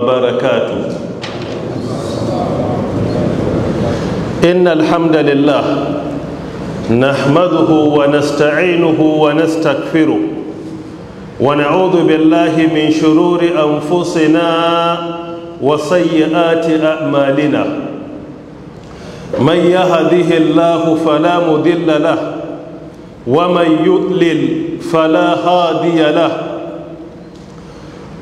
وبركاته إن الحمد لله نحمده ونستعينه ونستكفره ونعوذ بالله من شرور أنفسنا وسيئات أعمالنا من يهده الله فلا مضل له ومن يضلل فلا هادي له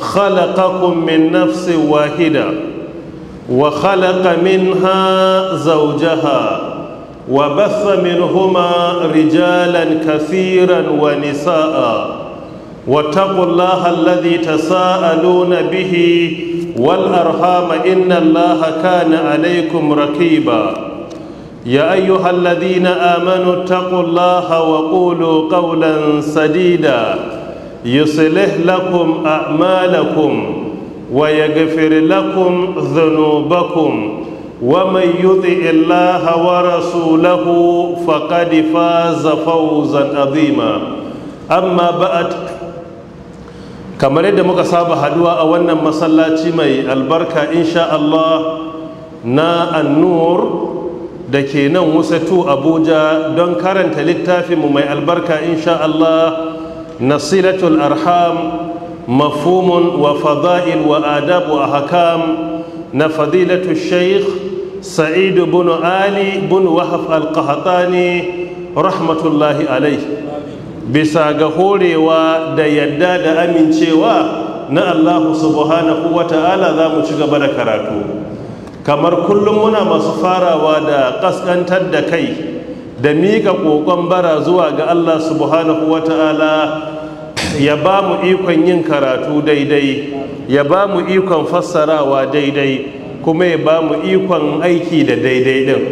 خلقكم من نفس واحدة وخلق منها زوجها وبث منهما رجالا كثيرا ونساء واتقوا الله الذي تساءلون به والأرحام إن الله كان عليكم رقيبا يا أيها الذين آمنوا اتقوا الله وقولوا قولا سديدا yusulih lakum a'malakum wa yaghfir lakum dhunubakum wa man yuti'i Allah wa rasulahu faqad faza fawzan azima amma ba'd kamar yadda muka saba haduwa a wannan masallaci mai albarka insha Allah na an da ke nan wusatu Abuja don karanta littafinmu mai albarka insha نصلة الأرحام مفهوم وفضائل وآداب وأحكام نفضيلة الشيخ سعيد بن علي بن وهف القهطاني رحمة الله عليه bisa ga horewa da yadda da amincewa na Allahu subhanahu wa ta'ala za mu ci gaba da karatu kamar kullum muna masu farawa da ƙasƙantar da kai da mika kokon bara zuwa ga Allah subhanahu ta'ala ya ba mu ikon yin karatu daidai ya ba mu ikon fassarawa daidai kuma ya ba mu ikon aiki da daidai din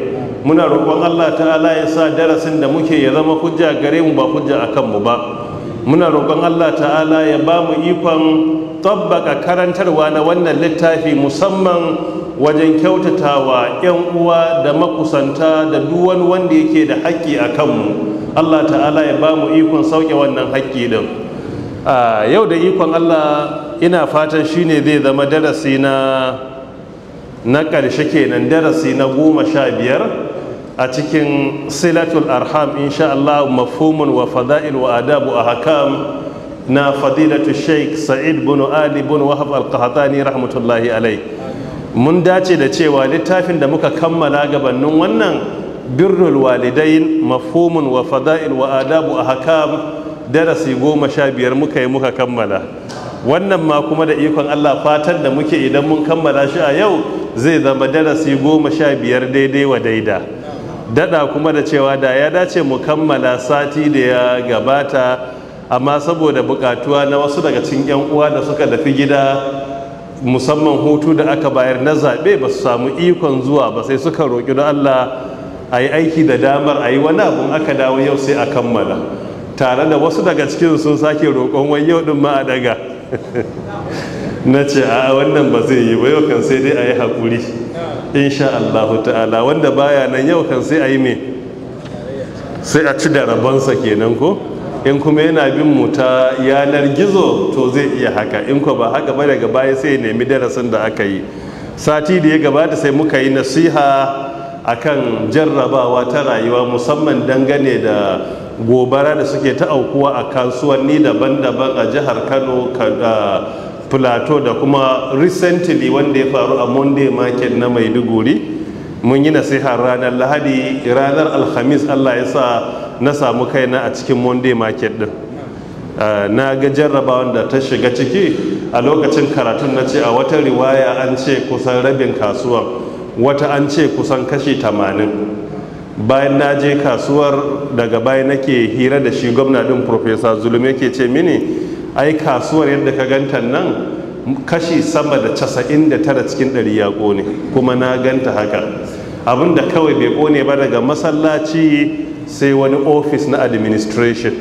muna roƙon Allah ta'ala ya sa darasin da muke ya zama hujja gare mu ba hujja a kanmu ba muna roƙon Allah ta'ala ya ba mu ikon tabbaka karantarwa na wannan littafi musamman wajen kyautatawa 'yan uwa da makusanta da duwan wanda yake da haƙƙi a kanmu allah ta'ala ya ba mu ikon sauke wannan haƙƙi a yau da ikon allah ina fatan shi ne zai zama darasi na na ƙarshe kenan darasi na goma sha biyar a cikin silatul arham insha allah mafhumun wa fada'il wa adabu a hakam na fadilatu sheikh sa'id bin ali bin wahab al-qahtani rahmatullahi alai mun dace da cewa littafin da muka kammala gabanin wannan birnul walidain mafhumun wa fada'il wa adabu ahkam darasi goma sha biyar muka yi muka kammala wannan ma kuma da ikon Allah fatan da muke idan mun kammala shi a yau zai zama darasi goma sha biyar daidai wa daida dada kuma da cewa da ya dace mu kammala sati da ya gabata amma saboda bukatuwa na wasu daga cikin 'yan uwa da suka dafi gida musamman hutu da aka bayar na zaɓe ba su samu ikon zuwa ba sai suka roƙi don allah a yi aiki da damar a yi wani abun aka dawo yau sai a kammala tare da wasu daga cikin sun sake roƙon wani yau ɗin ma na ce a wannan ba zai yi ba yau kan sai dai a yi haƙuri insha Allah ta'ala wanda baya nan yau kan sai a yi me sai a ci da rabonsa kenan ko in kuma yana bin mu ta yanar gizo to zai iya haka in ko ba haka ba daga baya sai ya nemi darasin da aka yi sati da ya gabata sai muka yi nasiha akan jarrabawa ta rayuwa musamman dangane da gobara da suke ta aukuwa a kasuwanni daban-daban a jihar kano plateau da kuma recently wanda ya faru a monday market na maiduguri mun yi nasihar ranar lahadi ranar alhamis allah ya sa na samu kaina a cikin monday market din ah, na ga jarraba da ta shiga ciki a lokacin karatun na ce a wata riwaya an ce kusan rabin kasuwan wata an ce kusan kashi tamanin bayan na je kasuwar daga baya nake hira da shi gwamna din profesa zulum ke ce mini ai kasuwar yadda ka ganta nan kashi sama da casa'in da tara cikin ɗari ya kone kuma na ganta haka abinda kawai bai ƙone ba daga masallaci sai wani ofis na administration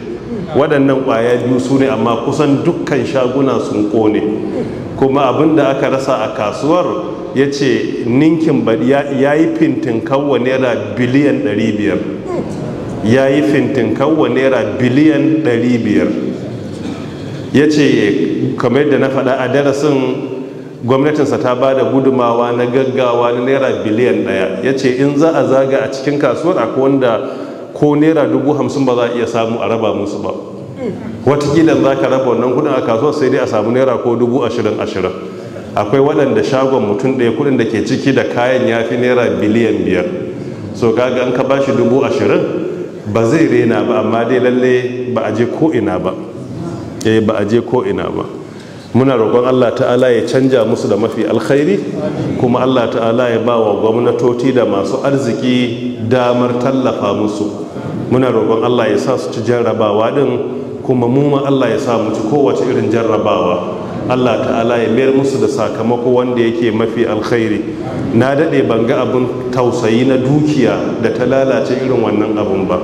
waɗannan ƙwaya biyu su ne amma kusan dukkan shaguna sun ƙone kuma abin da aka rasa a kasuwar ya ce ninkin ya yi fintin kawwa naira biliyan 500 ya yi fintin kawwa naira biliyan 500 ya ce kamar da na faɗa a darasin gwamnatinsa ta ba da gudumawa na gaggawa na naira biliyan ɗaya ya ce in za a zaga a cikin kasuwar akwai wanda ko naira dubu hamsin ba za a iya samu a raba musu ba watakila za ka raba wannan kudin a kasuwa sai dai a samu naira ko dubu ashirin ashirin akwai waɗanda shagon mutum ɗaya kudin da ke ciki da kayan ya fi naira biliyan biyar so kaga an ka bashi dubu ashirin ba zai rena ba amma dai lalle ba a je ko ina ba eh ba a je ko ina ba muna roƙon Allah ta'ala ya canja musu da mafi alkhairi kuma Allah ta'ala ya ba wa gwamnatoci da masu arziki damar tallafa musu muna roƙon Allah ya sa su ci jarrabawa din kuma mu ma Allah ya sa mu ci kowace irin jarrabawa Allah ta'ala ya mayar musu da sakamako wanda yake mafi alkhairi na daɗe ban ga abin tausayi na dukiya da ta lalace irin wannan abun ba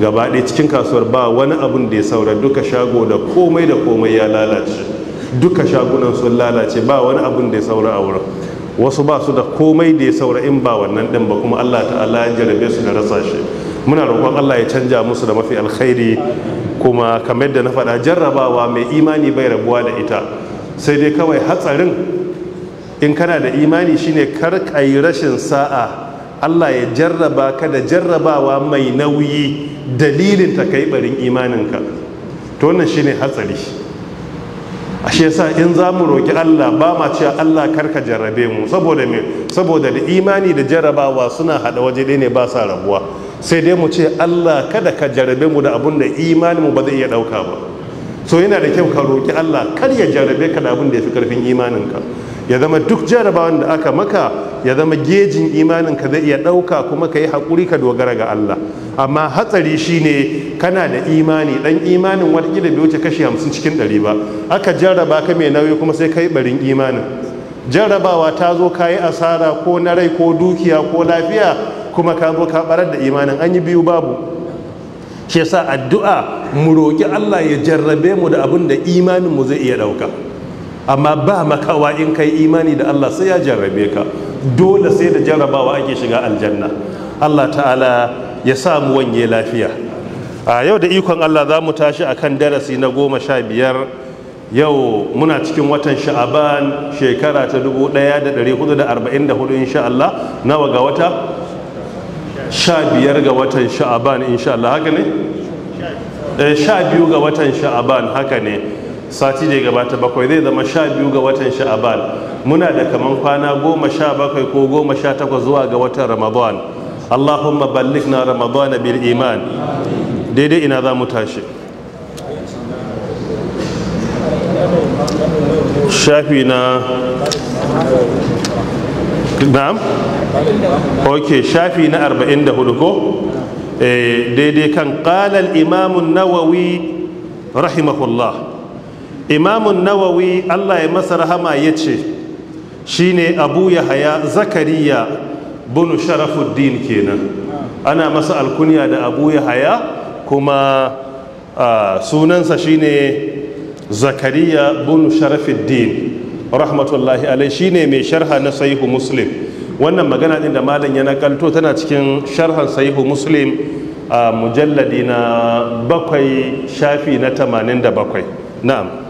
gaba ɗaya cikin kasuwar ba wani abun da ya saura duka shago da komai da komai ya lalace duka shagunan sun lalace ba wani abun da ya saura a wurin wasu ba su da komai da ya saura in ba wannan ɗin ba kuma allah ta'ala ya jarabe su da rasa shi muna roƙon Allah ya canja musu da mafi alkhairi kuma kamar da na faɗa jarrabawa mai imani bai rabuwa da ita sai dai kawai hatsarin in kana da imani shine karkai rashin sa'a Allah ya jarraba ka da jarrabawa mai nauyi dalilin ta kai barin imaninka to wannan shine hatsari ashe sa in za mu roƙi Allah ba ma cewa Allah karka jarrabe mu saboda da imani da jarrabawa suna haɗa waje ɗaya ne ba sa rabuwa sai dai mu ce Allah kada ka jarabe mu da abun da imaninmu ba zai iya ɗauka ba so yana da kyau ka roƙi Allah kar ya jarabe ka da abun da ya fi ƙarfin imaninka ya zama duk jarabawan da aka maka ya zama gejin imaninka zai iya ɗauka kuma ka yi haƙuri ka dogara ga Allah amma hatsari shine kana da imani Dan imanin watakila bai wuce kashi hamsin cikin ɗari ba aka jarraba ka mai nauyi kuma sai ka yi ɓarin imanin jarrabawa ta zo ka yi asara ko na rai ko dukiya ko lafiya kuma ka zo ka barar da imanin an yi biyu babu shi yasa addu'a mu roƙi Allah ya jarrabe mu da abin da imanin mu zai iya ɗauka amma ba makawa in kai imani da Allah sai ya jarrabe ka dole sai da jarrabawa ake shiga aljanna Allah ta'ala ya sa mu wanye lafiya a yau da ikon Allah za mu tashi akan darasi na goma sha biyar yau muna cikin watan sha'aban shekara ta 1444 insha Allah nawa ga wata sha biyar ga watan sha'aban insha Allah haka ne? Eh, sha biyu ga watan sha'aban haka ne sati da gabata bakwai zai zama sha biyu ga watan sha'aban muna da kaman kwana goma sha bakwai ko goma sha takwas zuwa ga watan ramadan allahumma ballik na ramadan bil iman daidai ina za mu tashi shafi na na'am ok shafi na 44 ko eh, daidai kan qalal imamun nawawi rahimahullah imamun nawawi allah ya masa rahama ya ce shine abu yahaya zakariya bunu sharafuddin kenan ana masa alkunya da abu yahaya kuma ah, sunansa shine zakariya bunu sharafuddin rahmatullahi alai shine mai sharha na sahihu muslim wannan magana ɗin da malam ya nakalto tana cikin sharhan sahihu muslim a mujalladi na bakwai shafi na tamanin da bakwai na'am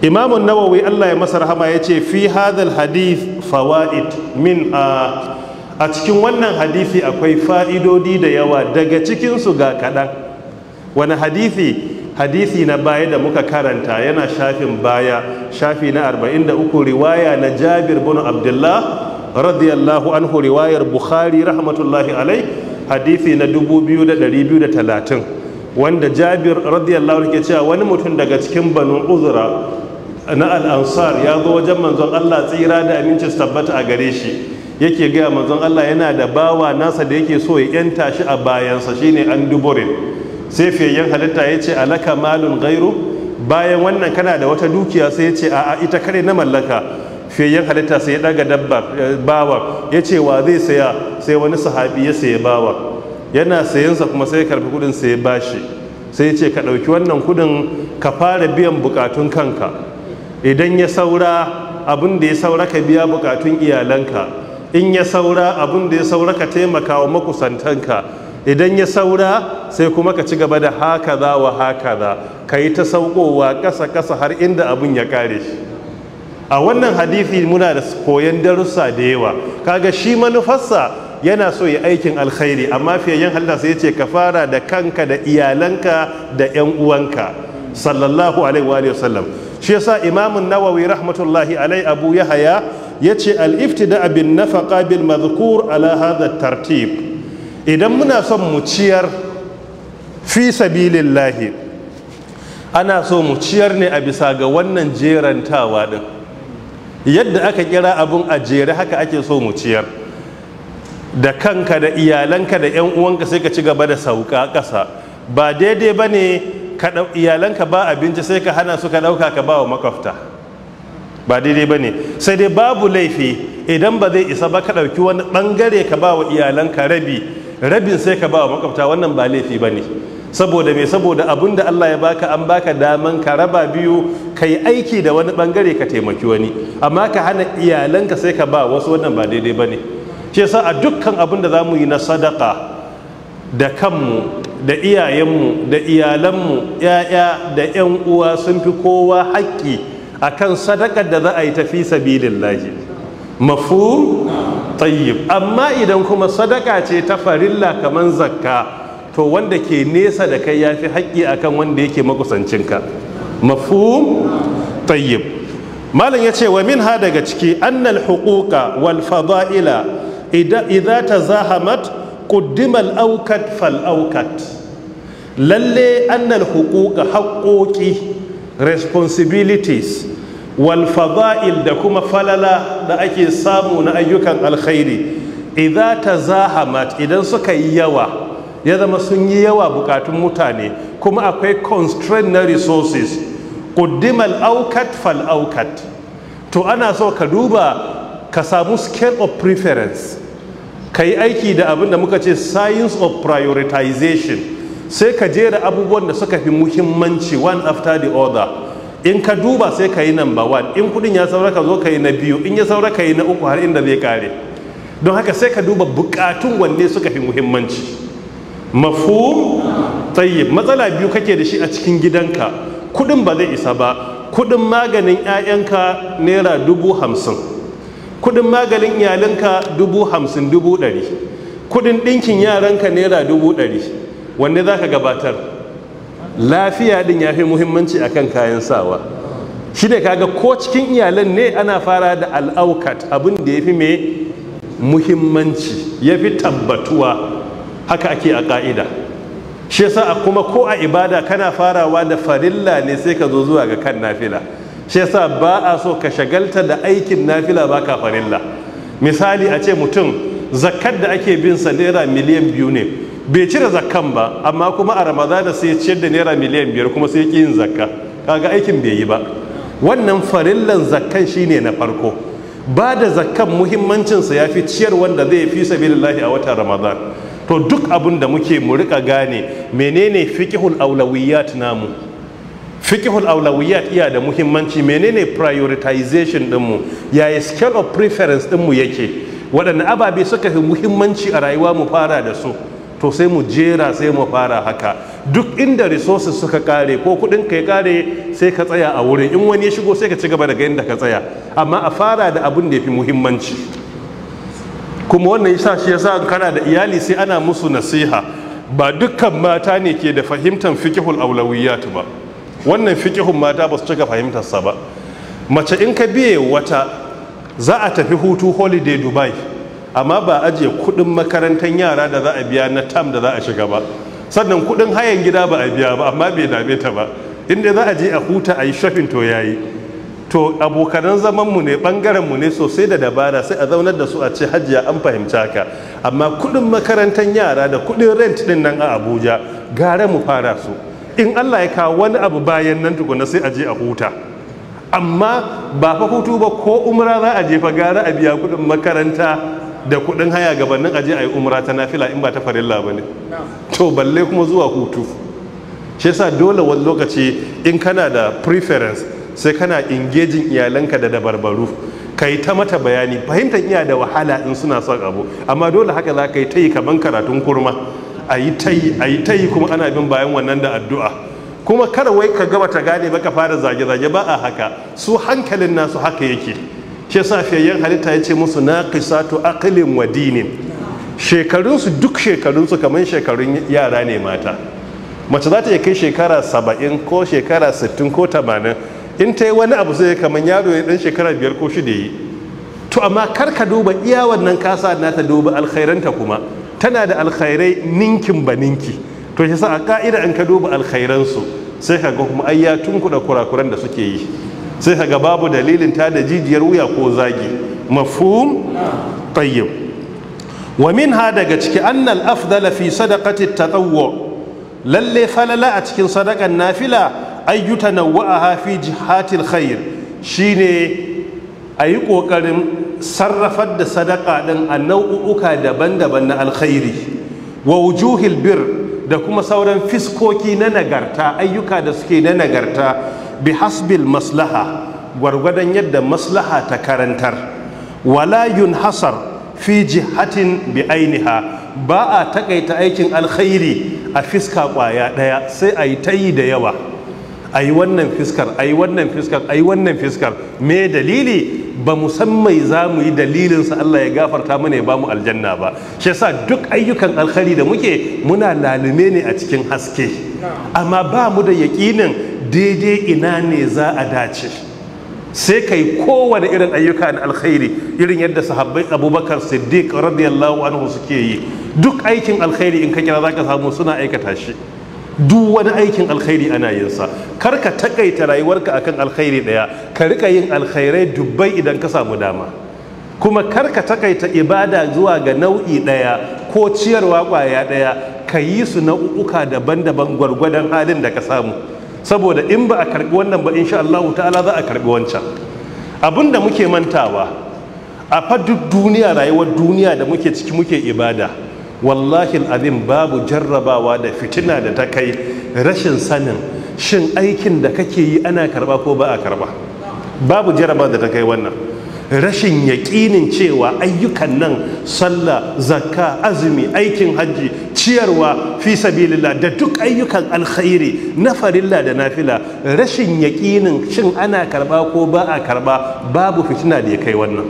imamun nawawi allah ya masa rahama ya ce fi hadal hadith fawaid min a a cikin wannan hadisi akwai fa'idodi da yawa daga cikinsu ga kaɗan wani hadisi hadisi na baya da muka karanta yana shafin baya shafi na 43 riwaya na jabir bin abdullah radiyallahu anhu riwayar bukhari rahmatullahi alai hadisi na 2230 wanda jabir radiyallahu anhu ke cewa wani mutum daga cikin banu uzura na al'ansar ya zo wajen manzon allah tsira da aminci tabbata a gare shi yake gaya manzon allah yana da bawa nasa da yake so ya yanta shi a bayansa shine an duburin sai fiyayyen halitta ya ce alaka malun gairu bayan wannan kana da wata dukiya sai ya ce a'a ita kare na mallaka fiyayyen halitta sai ya daga dabba eh, bawa ya ce wa zai saya sai wani sahabi ya saya bawa yana sayansa kuma sai ya karfi kudin sai ya bashi sai ya ce ka ɗauki wannan kudin ka fara biyan bukatun kanka idan ya saura abin da ya saura ka biya bukatun iyalanka in ya saura abin da ya saura ka taimaka wa makusantanka idan ya saura sai kuma ka ci gaba da haka za wa haka za ka yi ta saukowa ƙasa-ƙasa har inda abin ya kare shi a wannan hadithi muna da koyon darussa da yawa kaga shi manufarsa yana so ya aikin alkhairi amma fiyayyen halitta sai ce ka fara da kanka da iyalanka da 'yan uwanka sallallahu alaihi wa sallam shi yasa imamun nawawi rahmatullahi alai abu yahaya yace al-iftida bin nafaqa bil madhkur ala hadha tartib idan muna son mu ciyar fi lahi, ana so mu ciyar ne a bisa ga wannan jerantawa din yadda aka kira abun a jere haka ake so mu ciyar da kanka da iyalanka da 'yan uwanka sai ka ci gaba da sauka ƙasa ba daidai ba ne iyalanka ba abinci sai ka hana su ka ɗauka ka ba wa makwafta ba daidai ba ne sai dai babu laifi idan ba zai isa ba ka ɗauki wani ɓangare ka ba wa iyalanka rabi rabin sai ka ba wa makwabta wannan ba laifi ba ne saboda me saboda abin da Allah ya baka an baka daman ka raba biyu ka yi aiki da wani bangare ka taimaki wani amma ka hana iyalanka sai ka ba wasu wannan ba daidai ba ne ce sa a dukkan abin da za mu yi na sadaka da kanmu da iyayenmu da iyalanmu ‘ya'ya da ‘yan uwa sun fi kowa haƙƙi a kan sadakar da za a yi tafi sabilin lahi mafu tayyib amma idan kuma sadaka ce ta farilla kaman zakka to wanda ke nesa da kai yafi haƙƙi akan wanda yake makusancinka mafhum tayyib malam yace wa min ha daga ciki annal huquqa wal fada'ila idza tazahamat quddima al fal awqat lalle annal huquqa haqqoqi responsibilities Walfabail da kuma falala da ake samu na ayyukan alkhairi idza tazahamat idan suka yi yawa ya zama sun yi yawa bukatun mutane kuma akwai constraint na resources quddimal aukat fal aukat to ana so ka duba ka samu scale of preference ka yi aiki da abin da muka ce science of prioritization sai ka jera abubuwan da suka fi muhimmanci one after the other in ka duba sai ka yi number one in kudin ya saura ka zo ka yi na biyu in ya saura ka yi na uku har inda zai kare don haka sai ka duba bukatun wanne suka fi muhimmanci Mafu, tsaye matsala biyu kake da shi a cikin gidanka kudin ba zai isa ba kudin maganin 'ya'yanka naira dubu hamsin kudin maganin iyalinka dubu hamsin dubu ɗari kudin ɗinkin yaranka naira dubu ɗari wanne za ka gabatar lafiya din ya fi muhimmanci akan kayan sawa shi ne kaga ko cikin iyalan ne ana fara da al'aukat abin da ya fi mai muhimmanci ya fi tabbatuwa haka ake a ka'ida shi a kuma ko a ibada kana farawa da farilla ne sai ka zo zuwa ga kan nafila shi yasa ba a so ka shagalta da aikin nafila ba ka farilla misali a ce mutum zakkar da ake bin sa naira miliyan biyu ne bai cire zakkan ba amma kuma a ramadana sai ya ciyar da naira miliyan biyar kuma sai ki yin zakka kaga aikin bai yi ba wannan farillan zakkan shine na farko ba da zakkan muhimmancinsa ya fi ciyar wanda zai fi sabilillahi a watan ramadan to duk abin da muke mu rika gane menene fikihul aulawiyat namu fikihul aulawiyat iya da muhimmanci menene prioritization dinmu yaya scale of preference dinmu yake waɗanne ababe suka fi muhimmanci a rayuwa mu fara da su to sai mu jera sai mu fara haka duk inda resources suka kare ko kudin ka ya kare sai ka tsaya a wurin in wani ya shigo sai ka ci gaba daga inda ka tsaya amma a fara da abin da ya fi muhimmanci kuma wannan yasa shi yasa kana da iyali sai ana musu nasiha ba dukkan mata ne ke da fahimtar fiqhul awlawiyat ba wannan fiqhun mata ba su cika fahimtarsa ba mace in ka biye wata za a tafi hutu holiday dubai amma ba a ajiye kudin makarantar yara da za a biya na tam da za a shiga ba sannan kudin hayan gida ba a biya ba amma bai dame ta ba inda za a je a huta a yi shafin to ya yi, to abokanan zaman mu ne bangaren mu ne sosai da dabara sai a zaunar da su a ce hajiya an fahimci haka amma kudin makarantar yara da kudin rent din nan a Abuja gara mu fara su in Allah ya kawo wani abu bayan nan tukuna sai a je a huta amma ba fa hutu ba ko umra za a je gara a biya kudin makaranta da kudin haya gabanin aje a yi umara ta nafila in ba ta farilla ba ne to balle kuma zuwa hutu shi yasa dole wani lokaci in kana da preference sai kana ingejin iyalanka da dabarbaru ka yi ta mata bayani fahimtar iya da wahala in suna son abu amma dole haka za ka yi ta yi kaman karatun kurma a yi ta yi kuma ana bin bayan wannan da addu'a kuma kar wai ka gaba ta gane ba ka fara zage-zage ba a haka su hankalin nasu haka yake shi yasa fiyayyen halitta ya ce musu na naqisatu akilin wa dinin shekarunsu duk shekarunsu kamar shekarun yara ne mata mace za ta iya kai shekara saba'in ko shekara sittin ko tamanin in ta yi wani abu zai kamar yaro ya dan shekara biyar ko shida yi to amma kar ka duba iya wannan kasa na ta duba alkhairanta kuma tana da alkhairai ninkin ba ninki to shi sa a ka'ida in ka duba alkhairansu sai ka ga kuma ayyatun kuɗa kurakuran da suke yi sai kaga babu dalilin ta da jijiyar wuya ko zagi mafhum tayyib wa minha daga ciki annal afdala fi sadaqati tatawwu lalle falala a cikin sadakan nafila ayyuta nawwa'aha fi jihatil khair shine ayi kokarin sarrafar da sadaka din a nau'uka daban-daban na alkhairi wa wujuhil bir da kuma sauran fiskoki na nagarta ayyuka da suke na nagarta bi hasbil maslaha gwargwadon yadda maslaha ta karantar wala yun hasar fi jihatin bi ainiha ba a takaita aikin alkhairi a fiska kwaya daya sai a yi ta yi da yawa a yi wannan fiskar a yi wannan fiskar a yi wannan fiskar me dalili ba musammai za mu yi dalilinsa Allah ya gafarta mana ya ba mu aljanna ba shi yasa duk ayyukan alkhairi da muke muna lalume ne a cikin haske amma ba mu da yaƙinin daidai ina ne za a dace sai ka yi kowane irin ayyuka na alkhairi irin yadda sahabbai abubakar siddiq radiyallahu anhu suke yi duk aikin alkhairi in ka kira za ka samu suna aikata shi duk wani aikin alkhairi ana yin sa kar ka takaita rayuwarka akan alkhairi ɗaya ka rika yin alkhairai dubbai idan ka samu dama kuma kar ka takaita ibada zuwa ga nau'i ɗaya ko ciyarwa kwaya ɗaya ka yi su nau'uka daban-daban gwargwadon halin da ka samu saboda in ba a karɓi wannan ba insha Allah ta'ala za a karbi wancan da muke mantawa a fa duniya rayuwar duniya da muke ciki muke ibada wallahi azim babu jarrabawa da fitina da ta kai rashin sanin shin aikin da kake yi ana karba ko ba a karba babu jarrabawa da ta kai wannan rashin yaƙinin cewa ayyukan nan sallah zakka azumi aikin hajji ciyarwa fi sabilillah da duk ayyukan alkhairi na farilla da nafila rashin yaƙinin shin ana karba ko ba a karba babu fitina da ya kai wannan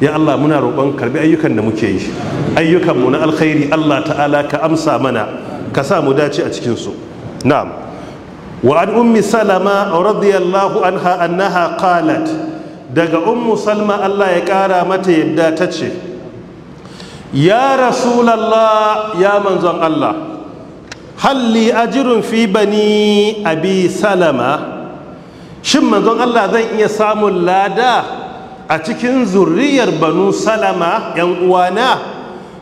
ya Allah muna roƙon karbi ayyukan da muke yi ayyukanmu na alkhairi Allah ta'ala ka amsa mana ka sa mu dace a cikinsu na'am wa an ummi salama radiyallahu anha annaha qalat daga ummu salma Allah ya ƙara mata yadda ta ce ya rasulallah ya manzon Allah halli ajirun fi bani abi salama shin manzon Allah zan iya samun lada a cikin zurriyar banu salama yan uwana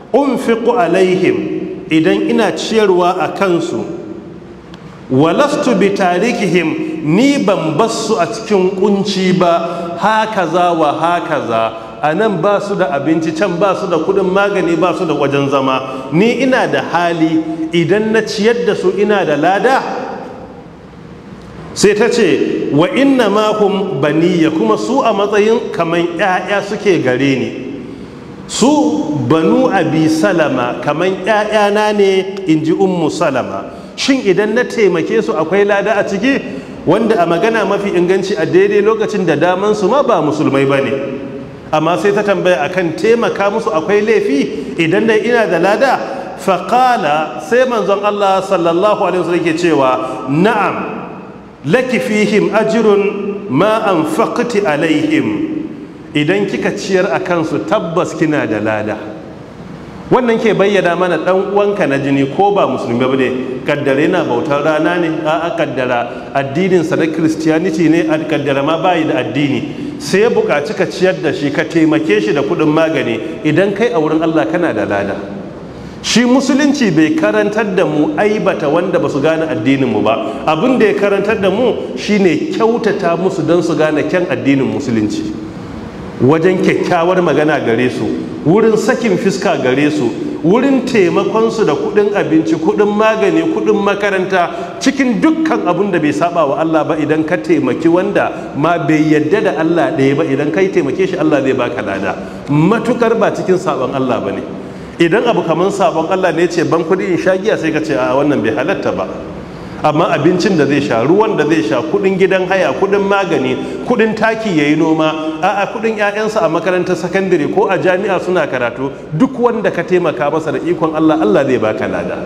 unfiqu alaihim idan ina ciyarwa a kansu walastu bi tarikihim ni ban basu a cikin kunci ba hakaza wa hakaza a nan ba su da abinci can ba su da kudin magani ba su da wajen zama ni ina da hali idan na ciyar da su ina da lada sai ta ce wa inna mahum baniya kuma su a matsayin kamar 'ya'ya suke gare ni su banu abi salama kamar 'ya'yana ne in ji ummu salama shin idan na taimake su akwai lada a ciki wanda a magana mafi inganci a daidai lokacin da daman su ma ba musulmai ba ne amma sai ta tambaya akan taimaka musu akwai laifi idan dai ina da lada faƙala sai manzon Allah sallallahu alaihi wasu ke cewa na'am laki him ajirun ma alai alaihim idan kika ciyar a kansu tabbas kina da lada wannan ke bayyana mana dan uwanka na jini ko ba musulmi ba ne kaddare yana bautar rana ne a kaddara addinin sa na christianity ne a kaddara ma bayi da addini sai ya buƙaci ka ciyar da shi ka taimake shi da kuɗin magani idan kai a wurin Allah kana da lada shi musulunci bai karantar da mu aibata wanda ba su gane addinin mu ba abin da ya karantar da mu shine kyautata musu don su gane kyan addinin musulunci wajen kyakkyawar magana gare su wurin sakin fiska gare su wurin taimakonsu da kudin abinci kudin magani kudin makaranta cikin dukkan abin da bai saba wa Allah ba idan ka taimaki wanda ma bai yadda da Allah ɗaya ba idan ka yi taimake shi Allah zai baka lada matukar ba cikin sabon Allah ba ne idan abu kamar sabon Allah ne ce ban kudi in sha giya sai ka ce a wannan bai halatta ba amma abincin da zai sha ruwan da zai sha kudin gidan haya kudin magani kudin taki ya yi noma a'a kudin 'ya'yansa a makarantar sakandare ko a jami'a suna karatu duk wanda ka taimaka masa da ikon Allah Allah zai baka lada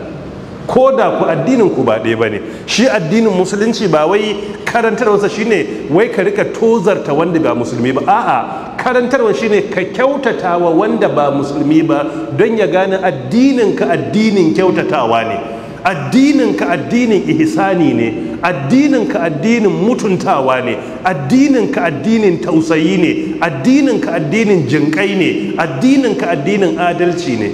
ko da ku addinin ku ba ɗaya ba ne shi addinin musulunci ba wai karantarwarsa shine wai ka rika tozarta wanda ba musulmi ba a'a karantarwa ne ka kyautatawa wanda ba musulmi ba don ya gane addinin ka addinin kyautatawa ne addininka addinin ihsani ne addininka addinin mutuntawa ne addininka addinin tausayi ne addininka addinin jinkai ne addininka addinin adalci ne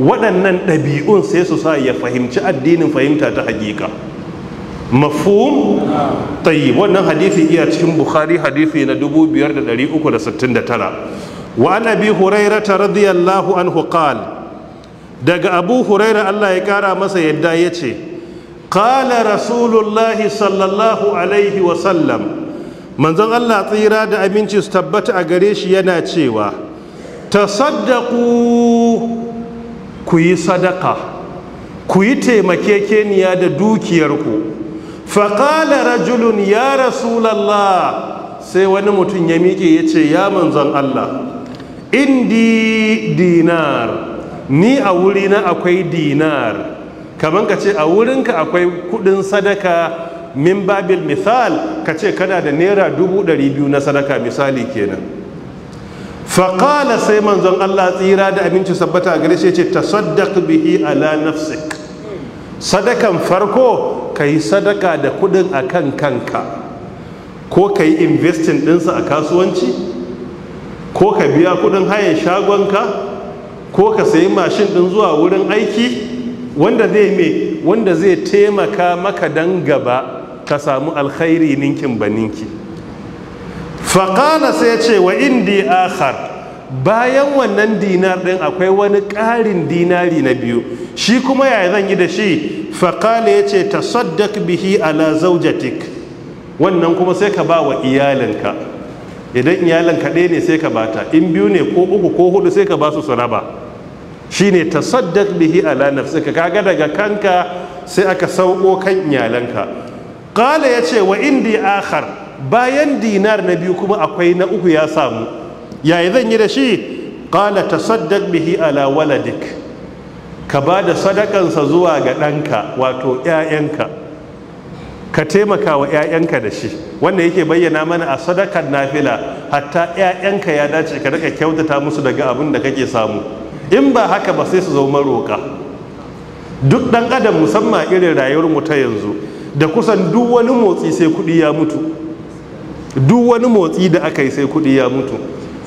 waɗannan ɗabi'un sai su sa ya fahimci addinin fahimta ta hakika mafhum tayyib wannan hadisi iya cikin bukhari hadisi na 5369 wa an abi hurairata radiyallahu anhu qala daga abu huraira allah ya kara masa yadda ya ce "Ƙala rasulullahi sallallahu alaihi wasallam manzon allah tsira da abinci su tabbata a gare shi yana cewa "Ta tasaddaku ku yi sadaka ku yi keniya da dukiyarku faƙala rajulun ya rasulallah sai wani mutum ya miƙe ya ce ya manzon allah indi dinar ni a wurina akwai dinar kamar ka ce a wurinka akwai kudin sadaka min babil misal ka ce kana da naira dubu ɗari biyu na sadaka misali kenan faƙala sai manzon allah tsira da abinci sabbata a gare shi ce ta saddaka bihi ala nafsik sadakan farko ka yi sadaka da kudin a kan kanka ko ka yi investin ɗinsa a kasuwanci ko ka biya kudin hayan shagonka ko ka sayi mashin ɗin zuwa wurin aiki wanda zai me wanda zai taimaka maka dan gaba ka samu alkhairi ninkin ba ninki faƙala sai ce wa indi akhar bayan wannan dinar din akwai wani ƙarin dinari na biyu shi kuma yaya zan yi da shi faƙala ya ce ta saddak bihi ala zaujatik wannan kuma sai ka ba wa iyalinka idan iyalinka ɗaya ne sai ka bata in biyu ne ko uku ko hudu sai ka ba su su raba shine tasaddaq bihi ala nafsika kaga daga kanka sai aka sauko kan iyalanka qala yace wa indi akhar bayan dinar na biyu kuma akwai na uku ya samu yayi zan yi da shi qala tasaddaq bihi ala waladik ka ba da sadakansa zuwa ga ɗanka wato 'ya'yanka ka taimaka wa 'ya'yanka da shi wanda yake bayyana mana a sadakar nafila hatta 'ya'yanka ya dace ka daga kyautata musu daga abin da kake samu in ba haka ba sai su zama roƙa duk ɗan adam musamman irin rayuwar mu ta yanzu da kusan duk wani motsi sai kuɗi ya mutu duk wani motsi da aka yi sai kuɗi ya mutu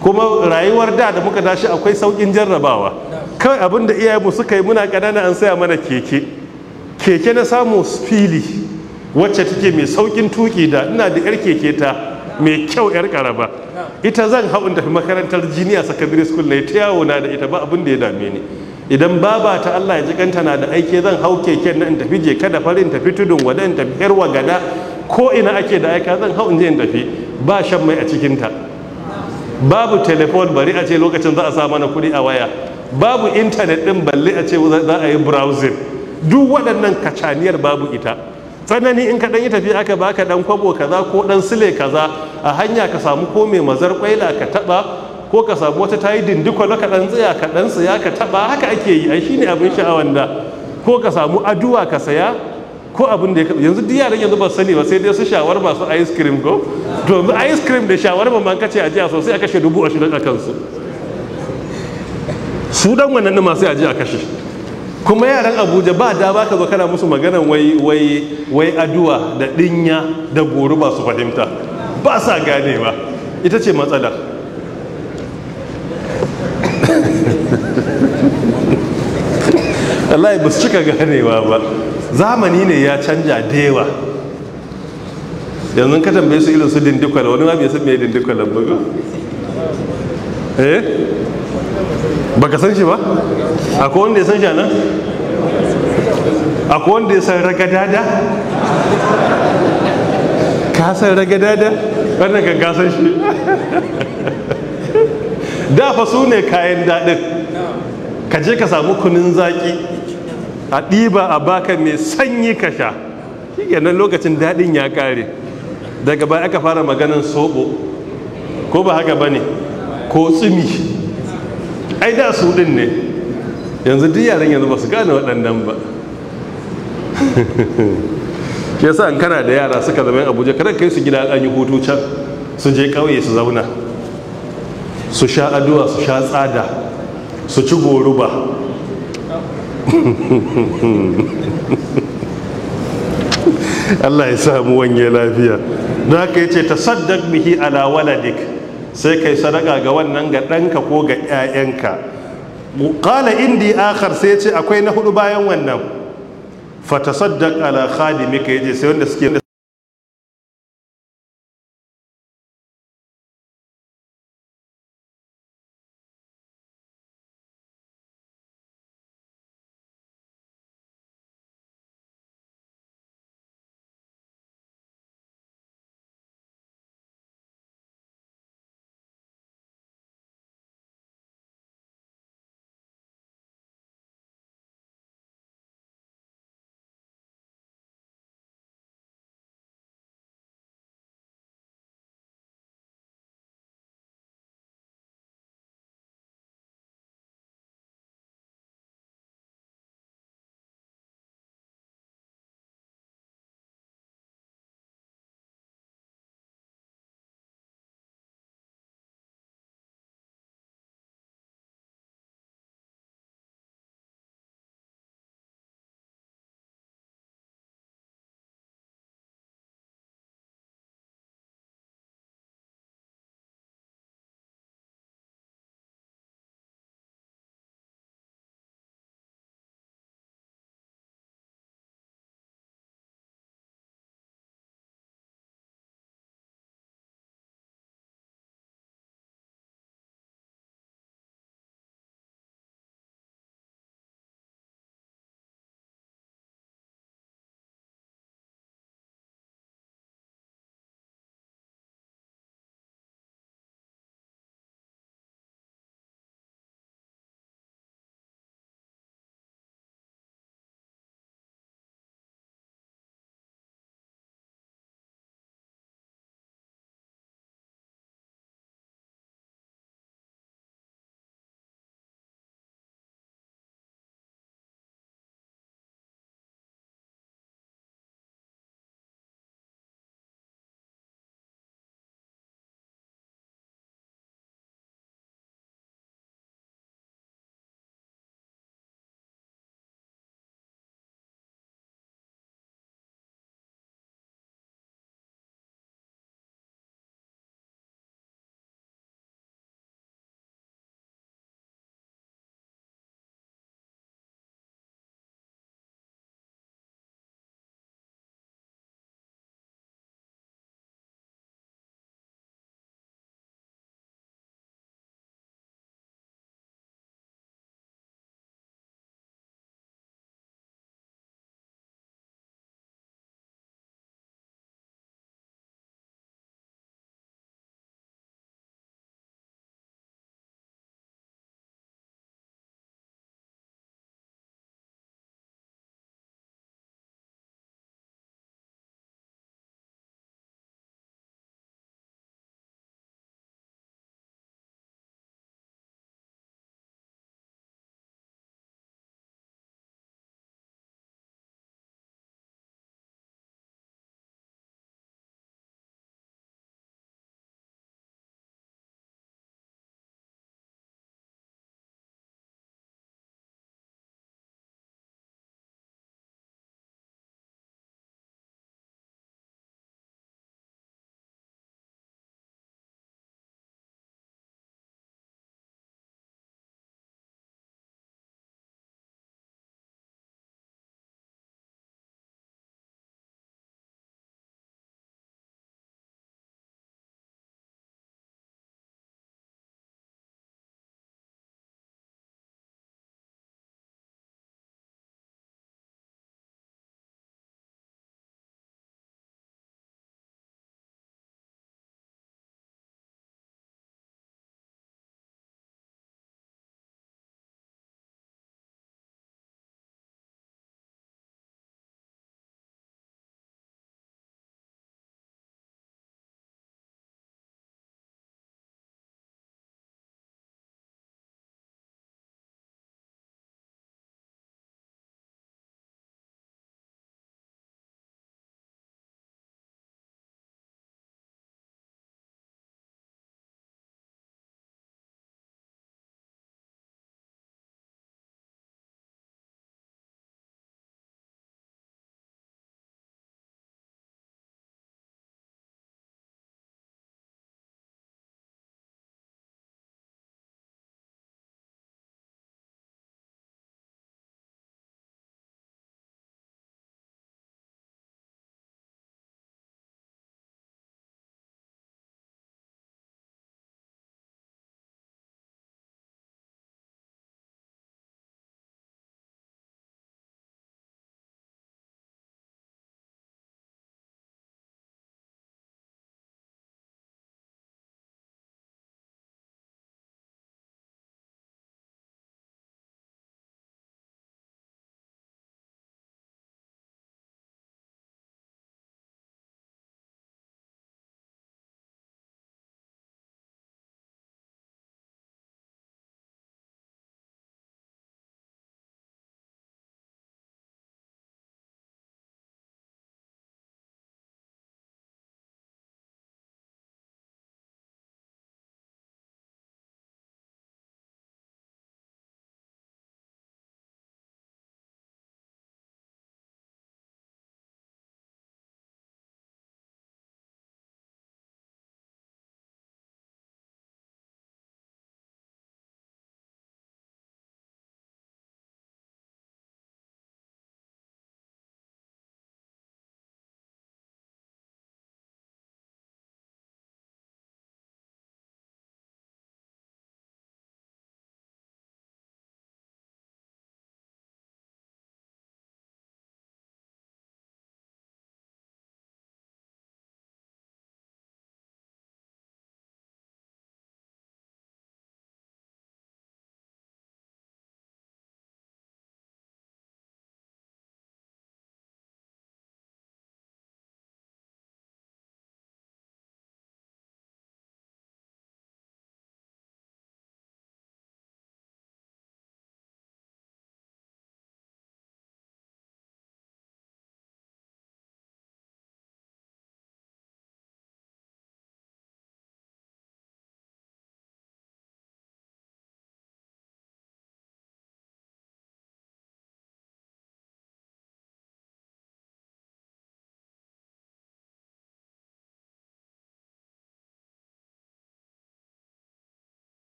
kuma rayuwar da da muka tashi akwai saukin jarrabawa kawai abin da iyayenmu suka yi muna ƙanana an saya mana keke keke na samu fili wacce take mai saukin tuki da ina da yar keke ta mai kyau yar karaba ita zan in tafi makarantar jiniya secondary school ne ta yawo na da ita ba abin da ya dame ni idan baba ta Allah ya ji kanta na da aike zan hau keke na in tafi je kada farin tafi tudun wada in tafi yar wagada ko ina ake da aika zan hau in je in tafi ba shan mai a cikin ta babu telefon bari a ce lokacin za a sa mana kuɗi a waya babu intanet ɗin balle a ce za a yi browsing duk waɗannan kacaniyar babu ita tsanani in ka dan yi tafiya aka baka dan kwabo kaza ko dan sile kaza a hanya ka samu ko mai mazar kwaila ka taba ko ka samu wata tayi dindiko na ka dan tsaya ka dan saya ka taba haka ake yi ai shine abin sha'awan da ko ka samu aduwa ka saya ko abin da ya yanzu duk yaran yanzu ba sani ba sai dai su shawar masu ice cream go to ice cream da shawar ba man kace ajiya sosai a kashe dubu ashirin a kansu su dan wannan ma sai ajiya a kashe kuma yaran abuja ba da ba ka zo kana musu maganan wai wai wai aduwa da dinya da goru ba su fahimta ba sa ganewa ita ce matsalar Allah ba su cika ganewa ba zamani ne ya canja da yawa yanzu ka tambaye su irin su dindikwala wani ma bai san me dindikwala ba eh baka san shi ba akwai wanda ya san shi nan akwai wanda ya san ragadada ka san ragadada wannan kan ka san shi da fa su ne kayan daɗin ka je ka samu kunun zaƙi a ɗiba a baka mai sanyi ka sha shi nan lokacin daɗin ya ƙare daga baya aka fara maganin soɓo ko ba haka ba ne ko tsumi ai da su din ne yanzu duk yaran yanzu ba su gane waɗannan ba ke sa an kana da yara suka zama yin abuja kada kai su gida an yi hutu can su je ƙauye su zauna su sha aduwa su sha tsada su ci ba. Allah ya samu wange lafiya da yace yi ce ta saddak bihi ala waladik sai kai sadaka ga wannan ga ɗanka ko ga 'ya'yanka ƙala indi akhar sai ce akwai na hudu bayan wannan fatasaddaq ala khadimika yaje sai wanda suke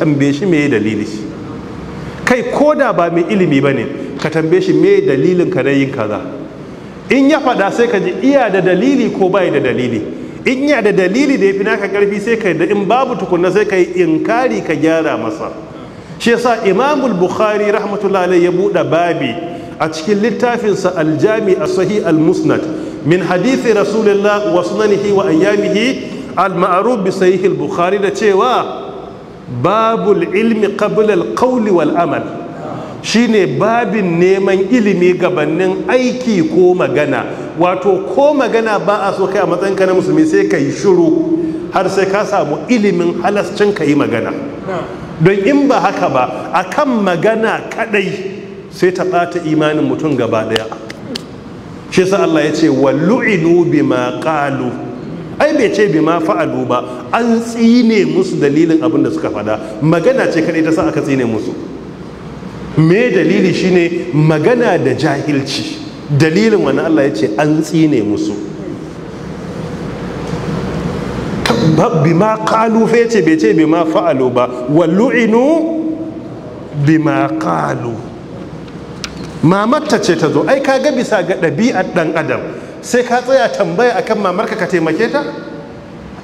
tambaye shi me dalili kai ko da ba mai ilimi ba ne ka tambaye shi me dalilin ka na yin kaza in ya faɗa sai ka ji iya da dalili ko bai da dalili in ya da dalili da ya fi naka ƙarfi sai ka da in babu tukunna sai ka yi inkari ka gyara masa shi yasa imamul bukhari rahmatullahi ya buɗe babi a cikin littafinsa aljami a sahi al-musnad min hadithi rasulullah wa sunanihi wa ayyamihi al-ma'ruf bi sahih al-bukhari da cewa babul ilmi qabla al-qawli wal amal shine babin neman ilimi gabanin aiki ko magana wato ko magana ba a so kai a matsayinka na musulmi sai ka yi shiru har sai ka samu ilimin halascin ka yi magana don in ba haka ba a kan magana kadai sai ta bata imanin mutum gaba daya shi sa Allah ya ce bi ma qalu ai bai ce bi ma fa'alu ba an tsine musu dalilin abin da suka fada magana ce kadai ta sa aka tsine musu me dalili shine magana da jahilci dalilin wani Allah ya ce an tsine musu bi ma kalu fe ce bai ce bi ma fa'alu ba wallu'inu bi ma kalu mamatta ce ta zo ai kaga bisa ga ɗabi'ar ɗan adam sai ka tsaya tambaya akan mamarka ka taimake ta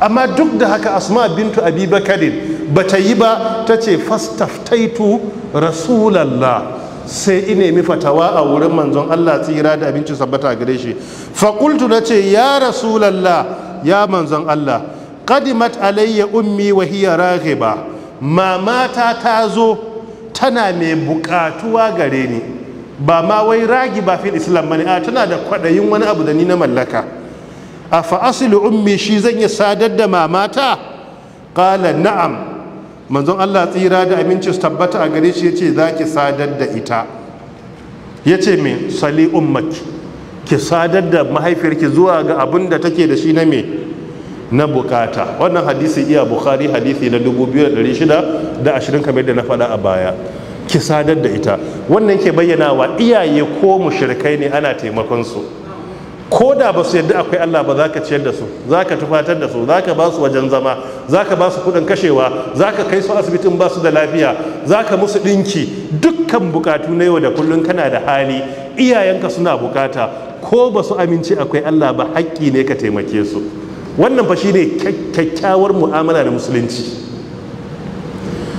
amma duk da haka asma bintu abi bakarin ba ta yi ba ta ce fastaftaitu rasulallah sai ine mi fatawa a wurin manzon Allah tsira da abinci sabbata gare shi faƙultu na ce ya rasulallah ya manzon Allah Kadimat alayya ummi wa hiya raghiba mamata ta zo tana mai buƙatuwa gare ni ba ma wai ragi ba fi islam mani. a tana da kwaɗayin wani abu da ni na mallaka a fa asilu ummi shi zan yi sadar da mamata kala na'am manzon Allah tsira da aminci su tabbata a gare shi ya ce za ki sadar da ita Ya ce me sali ummaki ki sadar da mahaifiyarki zuwa ga abin da take da shi na mai na bukata wannan hadisi iya bukhari hadisi na 2620 kamar da na faɗa a baya ki sadar da ita wannan ke bayyana wa iyaye ko mushrikai ne ana taimakon su ko da ba su yadda akwai Allah ba za ka ciyar da su za ka tufatar da su za ka ba su wajen zama za ka ba su kudin kashewa za ka kai su asibitin ba su da lafiya za ka musu ɗinki dukkan bukatu na yau da kullum kana da hali iyayenka suna bukata ko ba su amince akwai Allah ba haƙƙi ne ka taimake su wannan fa shine kyakkyawar mu'amala da musulunci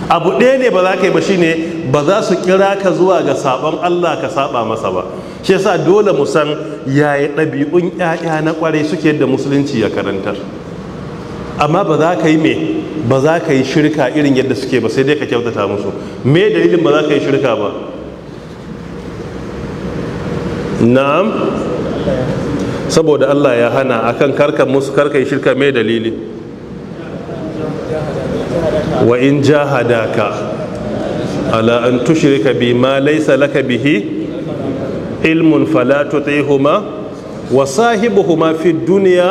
abu ɗaya ne ba za ka yi ba shine ba za su kira ka zuwa ga sabon Allah ka saba masa ba shi yasa dole mu san yaya ɗabi'un ƴaƴa na ƙwarai suke yadda musulunci ya karanta. amma ba za ka yi me ba za ka yi shirka irin yadda suke ba sai dai ka kyautata musu me dalilin ba za ka yi shirka ba na'am saboda Allah ya hana akan karka musu karka yi shirka me dalili wa in jahadaka ala an tushrika bi ma laysa laka bihi ilmun fala tutihuma wa sahibuhuma fi dunya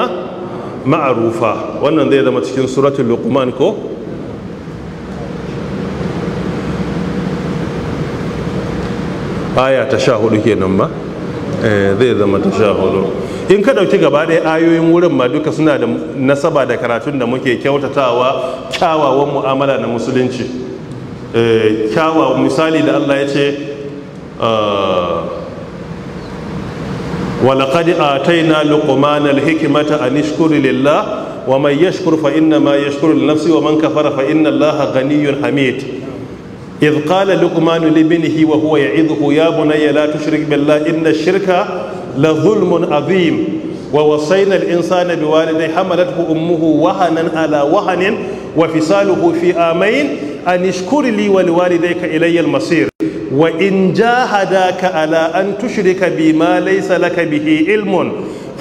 ma'rufa wannan zai zama cikin suratul luqman ko aya ta sha hudu kenan ma, eh, zai zama ta sha hudu in ka ɗauki gaba da ayoyin wurin ma duka suna da nasaba da karatun da muke kyautatawa kyawawan mu'amala na musulunci eh, kyawawan misali da allah ya ce walaƙadi a taina luqman alhikimata a nishkuri lillah wa mai ya shukuru fa inna ma ya shukuru nafsi wa man kafara fa inna allah ganiyun hamid إذ قال لقمان لابنه وهو يعظه يا بني لا تشرك بالله إن الشرك la zulmun azim wa wasaina al-insana biwalidayhi hamalathu ummuhu wahanan ala wahanin wa fisaluhu fi amayn an ishkur li wa liwalidayka ilayya al-masir wa in jahadaka ala an tushrika bima laysa bihi ilmun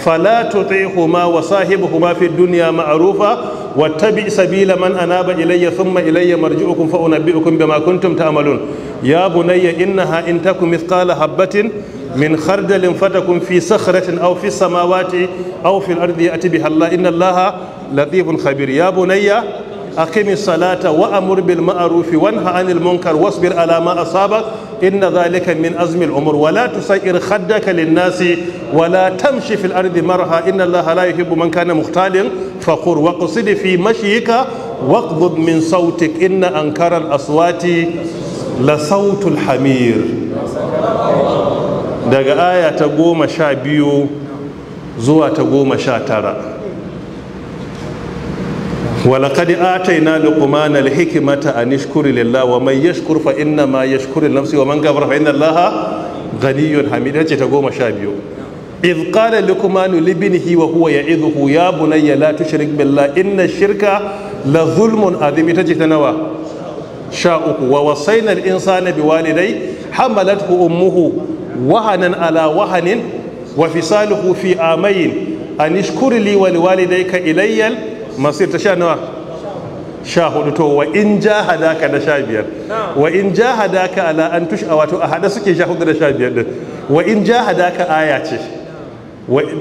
fala tuti'huma wa sahibuhuma fi dunya ma'rufa wattabi sabila man anaba ilayya thumma ilayya marji'ukum fa unabbi'ukum bima kuntum ta'malun ya bunayya innaha in takum mithqala habatin min khardalin fatakun fi sakhratin aw fi samawati aw fil ardi yati biha Allah inna Allah latifun khabir ya bunayya aqimi salata wa amur bil ma'ruf wa anha 'anil munkar wasbir alama a asabak inna dhalika min azmi al umur wa la tusayyir khaddaka linnasi nasi wa la tamshi fil ardi marha inna Allah la muktalin man kana mukhtalin fakhur wa qasid fi mashyika waqdud min sautik inna ankara al aswati la hamir daga aya ta goma sha biyu zuwa ta goma sha tara walakad ataina luqman alhikmata a yashkuru lillahi wa man yashkur fa inna ma yashkuru nafsi wa man kafara fa inna allaha ce ta goma sha biyu id qala luqman li binihi wa huwa ya bunayya la tushrik billahi inna shirka la zulmun adhim ita ce ta nawa sha uku wa wasaina al insana bi walidai hamalathu umuhu. wahanan ala wahanin wa fisaluhu fi amayin an ishkuri li wa liwalidayka ilayyal masir ta sha nawa sha hudu to wa in jahadaka da sha biyar wa in jahadaka ala an tush'a wato a hada suke sha hudu da sha biyar din wa in jahadaka aya ce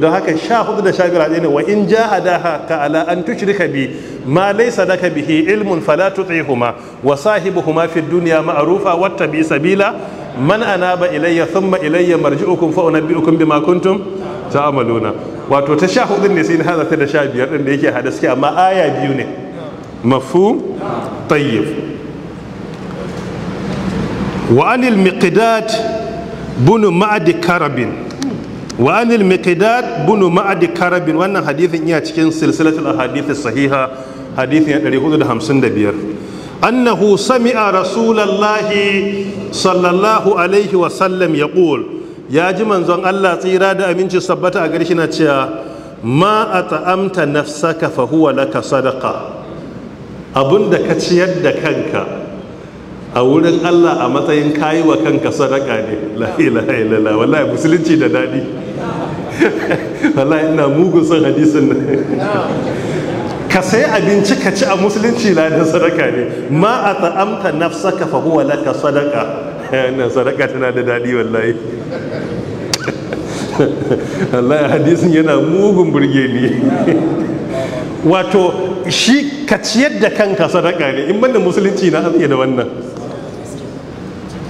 don haka sha hudu da sha biyar ne wa in jahadaka ala an tushrika bi ma laysa laka bihi ilmun fala tuti'huma wa sahibuhuma fid dunya ma'rufa bi sabila man anaba ilayya thumma ilayya marji'ukum fa unabbi'ukum bima kuntum ta'maluna wato ta sha hudun ne sai na hada ta da sha biyar din da yake hada suke amma aya biyu ne mafu tayyib wa anil miqdad bunu ma'ad karabin wa anil miqdad bunu ma'ad karabin wannan hadithin iya cikin silsilatul ahadith sahiha hadithin 455 أنه سمع رسول الله صلى الله عليه وسلم يقول يا جمن زن الله تيرا دا أمين تثبت أغرشنا تيا ما أطعمت نفسك فهو لك صدقة أبن دا كتشيد دا كنك أولن الله أمتين كاي وكنك صدقة لا إله إلا الله والله مسلمتي دا دادي والله إنا موغو سن حديثنا ka sai abinci ka ci a musulunci ladin sadaka ne ma a ta'amta nafsaka fa huwa laka sadaka eh, wannan sadaka tana da dadi wallahi Allah hadisin yana mugun burge ni wato shi ka ci yadda kanka sadaka ne in banda musulunci na iya da wannan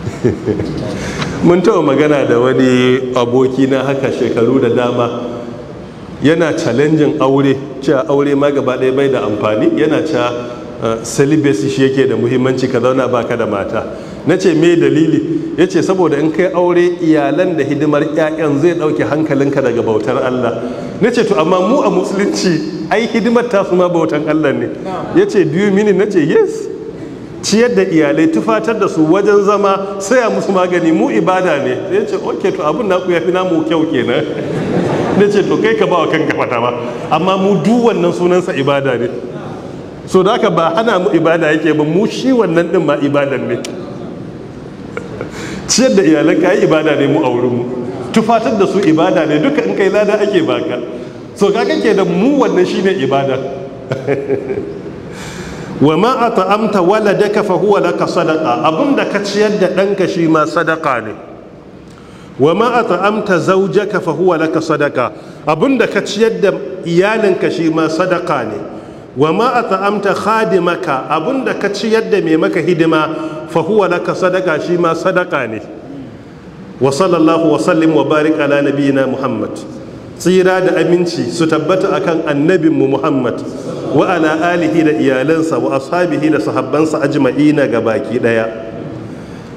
mun taɓa magana da wani aboki na haka shekaru da dama yana challenging aure cewa aure ma gaba ɗaya bai da amfani yana cewa ah, celibacy shi yake da muhimmanci ka zauna baka da mata na ce me dalili ya ce saboda in kai aure iyalan da hidimar 'ya'yan zai ɗauke hankalinka daga bautar Allah na ce to amma mu a musulunci ai hidimar ta ma bautan Allah ne ya ce do you na ce yes ciyar da iyalai tufatar da su wajen zama saya musu magani mu ibada ne ya ce ok to abin na ku ya fi namu kyau kenan na ce to kai ka ba wa kafata ba amma mu duk wannan sunansa ibada ne so da haka ba hana mu ibada yake ba mu shi wannan din ma ibadan ne ciyar da iyalan ka yi ibada ne mu a wurin mu tufatar da su ibada ne duka in kai lada ake baka so ka kake da mu wannan shine ibada wa ma at'amta waladaka fa huwa laka sadaqa abinda ka ciyar da danka shi ma sadaqa ne wa ma at'amta zawjaka fa huwa laka sadaka abinda ka ciyar da iyalinka shi ma sadaka ne wa ma at'amta khadimaka abinda ka ciyar da mai maka hidima fa huwa laka sadaka shi ma sadaka ne wa sallallahu wa sallim wa barik ala nabiyina muhammad tsira da aminci su tabbata akan annabinmu muhammad wa ala alihi da iyalansa wa ashabihi da sahabbansa ajma'ina ga baki daya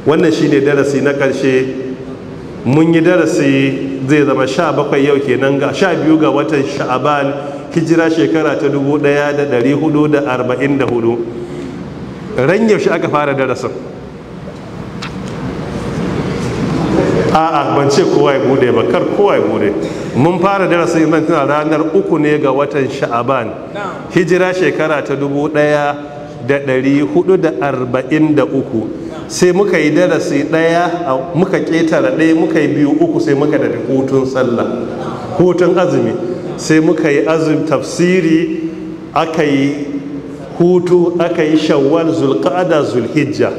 wannan shine darasi na karshe mun yi darasi zai zama sha bakwai yau kenan ga sha biyu ga watan sha'aban hijira shekara ta dubu ɗaya da ɗari hudu da arba'in da hudu ran yaushe aka fara darasin a'a ban ce kowa ya bude ba kar kowa ya bude mun fara darasin zan tana ranar uku ne ga watan sha'aban hijira shekara ta dubu ɗaya da ɗari hudu da arba'in da uku sai muka yi darasi ɗaya muka ƙetare ɗaya muka yi biyu uku sai muka da hutun sallah hutun azumi sai muka yi azumi tafsiri aka yi hutu aka yi shawwal zulqa'ada zulhijja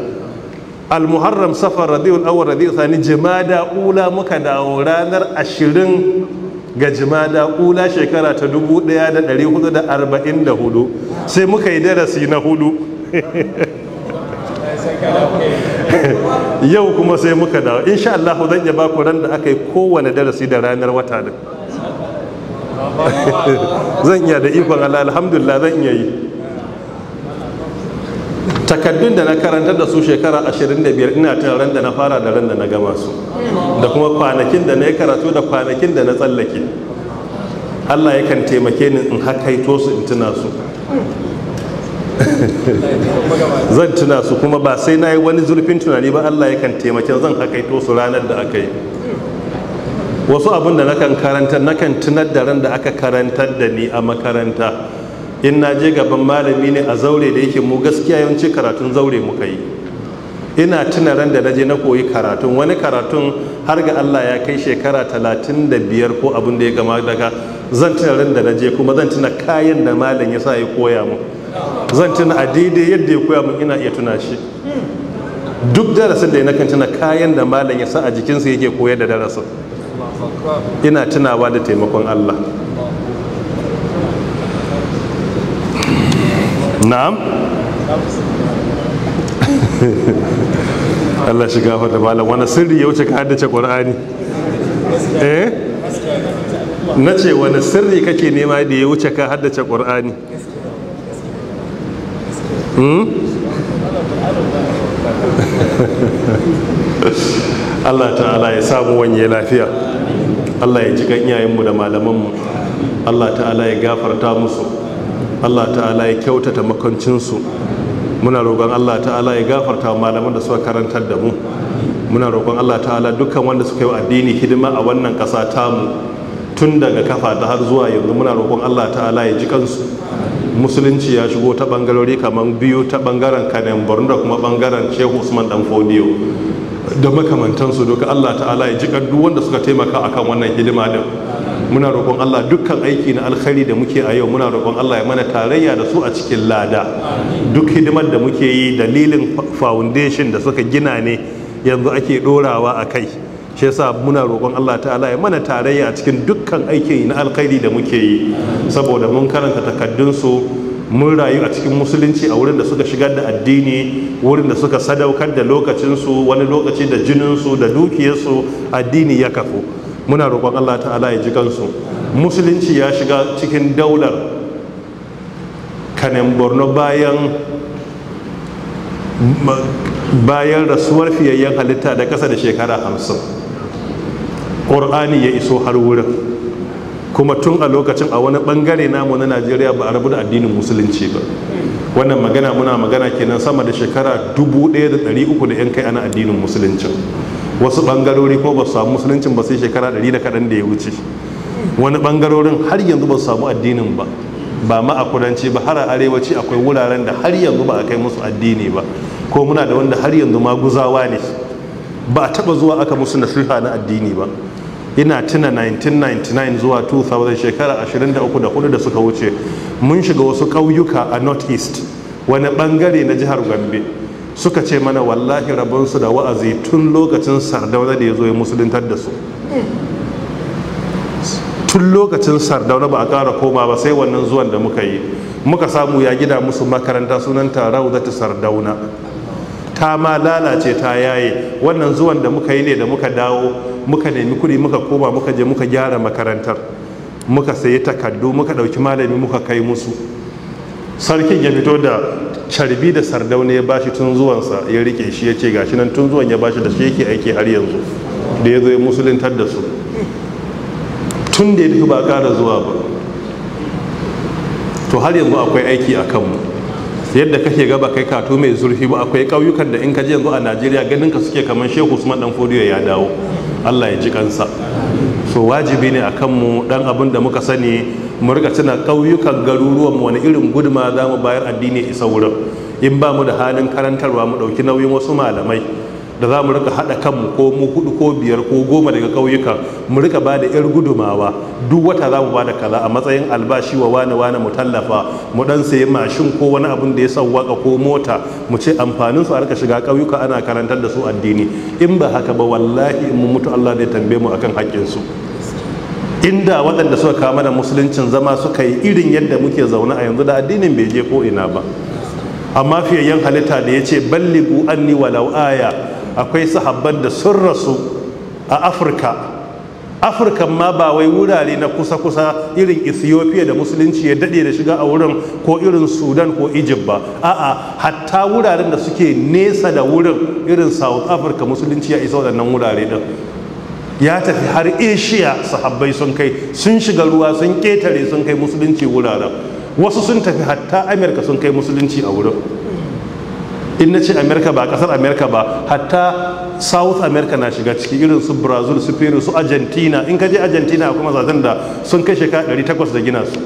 almuharram safar rabiul awar rabiul sani jimada ula muka dawo ranar ashirin ga jimada ula shekara ta dubu da da da arba'in hudu, sai muka yi darasi na hudu yau kuma sai muka dawo insha Allah zan iya baku ran da aka yi kowane darasi da ranar wata din zan iya da ikon Allah alhamdulillah zan iya yi takaddun da na karanta da su shekara 25 ina tun ran da na fara da ran da na gama su da kuma kwanakin da na yi karatu da kwanakin da na tsallake Allah yakan taimake ni in hakaito su in tuna su zan tuna su kuma ba sai na yi wani zurfin tunani ba allah yakan taimake zan hakaito su ranar da aka yi wasu abin da nakan karanta nakan tunar da ran da aka karantar da ni a makaranta in na je gaban malami ne a zaure da yake mu gaskiya yawanci karatun zaure muka yi ina tuna ran da naje na koyi karatun wani karatun har ga Allah ya kai shekara talatin da biyar ko abin da ya gama daga zan tuna ran da naje kuma zan tuna kayan da malam ya sa ya koya mu zan tuna a daidai yadda ya koya min ina iya tuna shi duk darasin da ya nakan tuna kayan da malam ya sa a jikinsa yake koyar da darasin ina tunawa da taimakon Allah na'am Allah shiga gafar da malam wani sirri ya wuce ka haddace ƙwar'ani eh na ce wani sirri kake nema da ya wuce ka haddace ƙwar'ani Hmm? Allah ta'ala ya samu wanye lafiya Allah ya ji ganyayenmu da malamanmu Allah ta'ala ya gafarta musu Allah ta'ala ya kyautata makoncinsu muna roƙon Allah ta'ala ya gafarta wa malaman da suka karantar da mu muna roƙon Allah ta'ala dukkan wanda suka yi addini hidima a wannan ƙasa tamu tun daga kafa da har zuwa yanzu muna roƙon Allah ta'ala ya ji kansu musulunci ya shigo ta bangarori kamar biyu ta bangaren kanin borno da kuma bangaren shehu usman dan fodiyo da makamantansu duka allah ta'ala ya ji duk wanda suka taimaka akan wannan hidima din muna roƙon allah dukkan aiki na alkhari da muke a yau muna roƙon allah ya mana tarayya da su a cikin lada duk hidimar da muke yi dalilin foundation da suka gina ne yanzu ake ɗorawa a kai shi yasa muna roƙon Allah ta'ala ya mana tarayya a cikin dukkan aikin na alkhairi da muke yi saboda mun karanta takaddun su mun rayu a cikin musulunci a wurin da suka shigar da addini wurin da suka sadaukar da lokacinsu wani lokaci da jininsu da dukiyarsu addini ya kafu muna roƙon Allah ta'ala ya ji kansu musulunci ya shiga cikin daular kanin borno bayan bayan rasuwar fiyayyen halitta da kasa da shekara hamsin ƙur'ani ya iso har wurin kuma tun a lokacin a wani ɓangare namu na najeriya ba a rabu da addinin musulunci ba wannan magana muna magana kenan sama da shekara 1300 da yan kai ana addinin musulunci wasu ɓangarori ko ba su samu musulunci ba sai shekara 100 da kaɗan da ya wuce wani ɓangarorin har yanzu ba su samu addinin ba ba ma a kudanci ba har a arewaci akwai wuraren da har yanzu ba a kai musu addini ba ko muna da wanda har yanzu ma guzawa ne ba a taba zuwa aka musu nasiha na addini ba ina tuna 1999 zuwa 2000 shekara 23 da hudu da suka wuce mun shiga wasu ƙauyuka a north east wani bangare na jihar gombe suka ce mana wallahi rabonsu da wa'azi tun lokacin sardauna da ya zo ya musuluntar da su tun lokacin sardauna ba a ƙara koma ba sai wannan zuwan da muka yi muka samu ya gida musu makaranta sunanta rauzatu sardauna ta ma lalace ta yaye wannan zuwan da muka yi ne da muka dawo muka nemi kuɗi muka koma muka je muka gyara makarantar muka sayi takardu muka ɗauki malami muka kai musu sarkin ya fito da carbi da sardauna ya bashi tun zuwansa ya rike shi ya ce gashi nan tun zuwan ya bashi da shi yake aiki har yanzu da ya zo ya musuluntar da su tun da ya tafi ba ƙara zuwa ba to har yanzu akwai aiki a kanmu yadda kake gaba kai katu mai zurfi ba akwai ƙauyukan da in ka je yanzu a najeriya ganin ka suke kamar shehu usman dan fodiyo ya dawo allah ya ji kansa so wajibi ne a kanmu dan abin da muka sani mu rika tuna ƙauyukan garuruwanmu wani irin guduma za mu bayar addini isa wurin in ba mu da halin karantarwa mu ɗauki nauyin wasu malamai da za mu rika haɗa kanmu ko mu hudu ko biyar ko goma daga ƙauyuka mu rika ba da 'yar gudumawa duk wata za mu ba da kaza a matsayin albashi wa wane wane mu tallafa mu dan sayi mashin ko wani abin da ya sauwaka ko mota mu ce amfanin su a rika shiga ƙauyuka ana karantar da su addini in ba haka ba wallahi in mu mutu Allah zai tambaye mu akan haƙƙin su inda waɗanda suka kama da musuluncin zama suka yi irin yadda muke zaune a yanzu da addinin bai je ko ina ba amma yan halitta da ya ce balligu anni walau aya akwai sahabban da sun rasu a afirka afirka ma ba wai wurare na kusa-kusa irin ethiopia da musulunci ya daɗe da shiga a wurin ko irin sudan ko egypt ba a'a hatta wuraren da suke nesa da wurin irin south africa musulunci ya isa waɗannan wurare din. ya tafi har asia sahabbai sun kai sun shiga ruwa sun ƙetare sun kai musulunci wuraren wasu sun tafi hatta amurka sun kai musulunci a wurin in na ce america ba kasar america ba hatta south america na shiga ciki irin su brazil su peru su argentina in ka je argentina kuma zazen da sun kai shekara 800 da gina su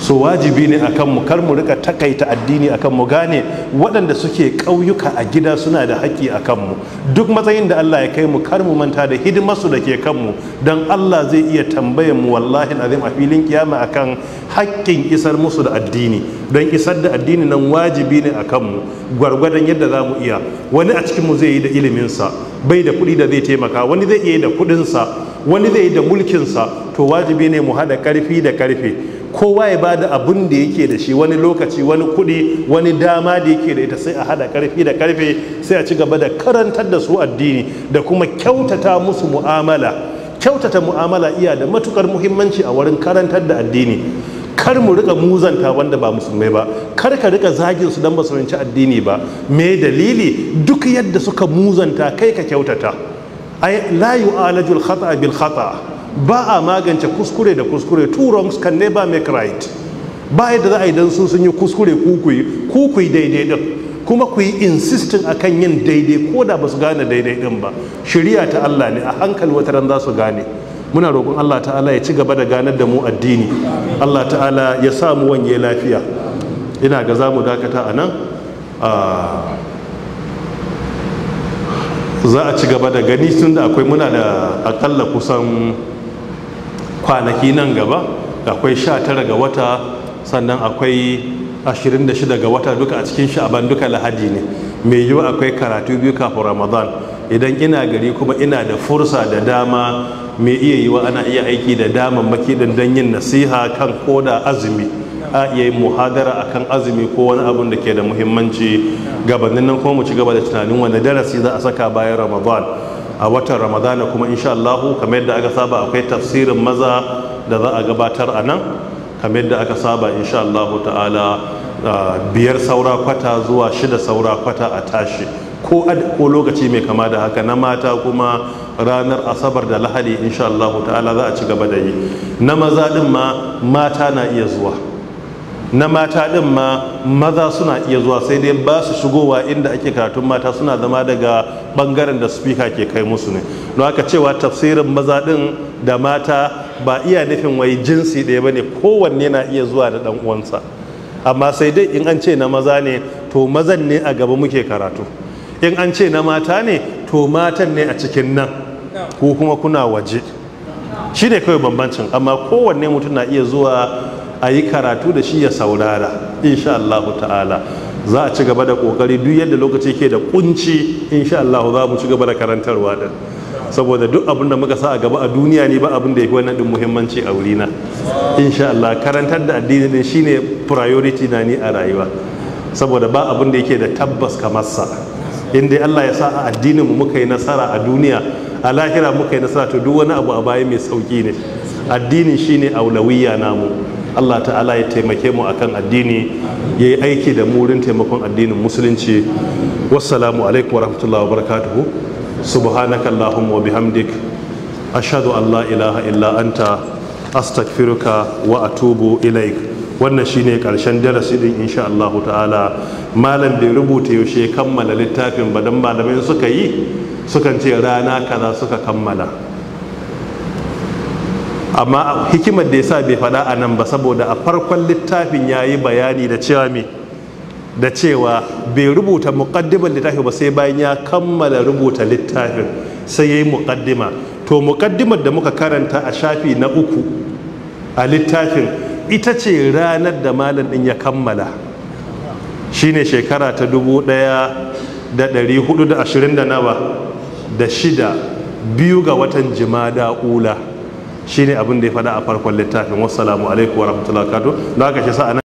so wajibi ne akan mu kar mu rika takaita addini akan mu gane waɗanda suke ƙauyuka a gida suna da haƙƙi akan mu duk matsayin da Allah ya kai mu kar mu manta da hidimarsu da ke kanmu don Allah zai iya tambayar mu wallahi azim a filin kiyama akan haƙƙin isar musu da addini don isar da addini nan wajibi ne akan mu gwargwadon yadda za mu iya wani a cikin mu zai yi da iliminsa bai da kuɗi da zai taimaka wani zai iya da kuɗinsa wani zai yi da mulkin sa to wajibi ne mu haɗa ƙarfi da ƙarfe kowa ya bada abin da yake da shi wani lokaci wani kudi wani dama da yake da ita sai a hada karfi da karfe sai a ci gaba da karantar da su addini da kuma kyautata musu mu'amala kyautata mu'amala iya da matukar muhimmanci a wurin karantar da addini kar mu rika muzanta wanda ba musulmai ba kar ka rika zagin su dan ba su addini ba me dalili duk yadda suka muzanta kai ka kyautata ay la yu'alajul khata bil khata ba a magance kuskure da kuskure two wrongs can never make right ba yadda za a yi don su sun yi kuskure kukui kukui daidai din kuma ku yi insistin a kan yin daidai ko da ba su gane daidai din ba shirya ta Allah ne a hankali wata ran za su gane muna roƙon Allah ta'ala ya ci gaba da ganar da mu addini Allah ta'ala ya sa mu wanye lafiya ina ga za mu dakata a nan ah, za a ci gaba da gani tun da akwai muna da akalla kusan kwanaki nan gaba akwai 19 ga wata sannan akwai 26 ga wata duka a cikin sha'aban duka lahadi ne mai yiwu akwai karatu biyu kafin ramadan idan ina gari kuma ina da fursa da dama mai iya yiwa ana iya aiki da daman maki don yin nasiha kan koda azumi a iya yin muhadara kan azumi ko wani abun da ke da muhimmanci gabanin nan kuma mu ci gaba da tunanin wani darasi za a saka bayan ramadan a watan ramadana kuma insha Allah kamar yadda aka saba akwai tafsirin maza da za a gabatar a nan kamar yadda aka saba insha ta'ala biyar saura kwata zuwa shida saura kwata a tashi ko lokaci mai kama da haka na mata kuma ranar asabar da lahadi insha Allah ta'ala za a ci gaba da yi na maza din ma mata na iya zuwa na mata ɗin ma maza suna iya zuwa sai dai ba su shigowa inda ake karatun mata suna zama daga bangaren da speaker ke kai musu ne don haka cewa tafsirin maza din da mata ba iya nufin wai jinsi ɗaya bane kowanne na iya zuwa da dan uwansa amma sai dai in an ce na maza ne to mazan ne a gaba muke karatu in an ce na mata ne to matan ne a cikin nan ko kuma kuna waje shi ne kawai bambancin amma kowanne mutum na iya zuwa a yi karatu da shi ya saurara insha Allah ta'ala za a ci gaba da kokari duk yadda lokaci ke da kunci insha Allah za mu ci gaba da karantarwa din saboda duk abin da muka sa a gaba a duniya ne ba abin da fi wannan din muhimmanci a wurina insha Allah karantar da addini din shine priority na ni a rayuwa saboda ba abin da yake da tabbas kamar sa inda Allah ya sa a addinin mu muka yi nasara a duniya a lahira muka yi nasara to duk wani abu a baya mai sauki ne addinin shine aulawiyya namu Allah ta'ala ya taimake mu akan addini ya yi aiki da mu wurin taimakon addinin musulunci wassalamu alaikum wa rahmatullahi wa barakatuhu subhanaka allahumma wa bihamdik Ashadu Allah ilaha illa anta astaghfiruka wa atubu ilaik wannan shine karshen darasi din insha Allah ta'ala malam bai rubuta yaushe kammala littafin ba dan malamai suka yi sukan ce rana kaza suka kammala amma hikimar da ya sa bai faɗa a nan ba saboda a farkon littafin ya yi bayani da cewa me da cewa bai rubuta muƙaddimar littafin ba sai bayan ya kammala rubuta littafin sai ya yi muƙaddima to muƙaddimar da muka karanta a shafi na uku a littafin ita ce ranar da malam ɗin ya kammala shine shekara ta dubu ɗaya da ɗari hudu da ashirin da nawa da shida biyu ga watan da ula shine abin da ya faɗa a farkon littafin wassalamu alaikum wa rahmatullahi wa barakatuh don haka shi sa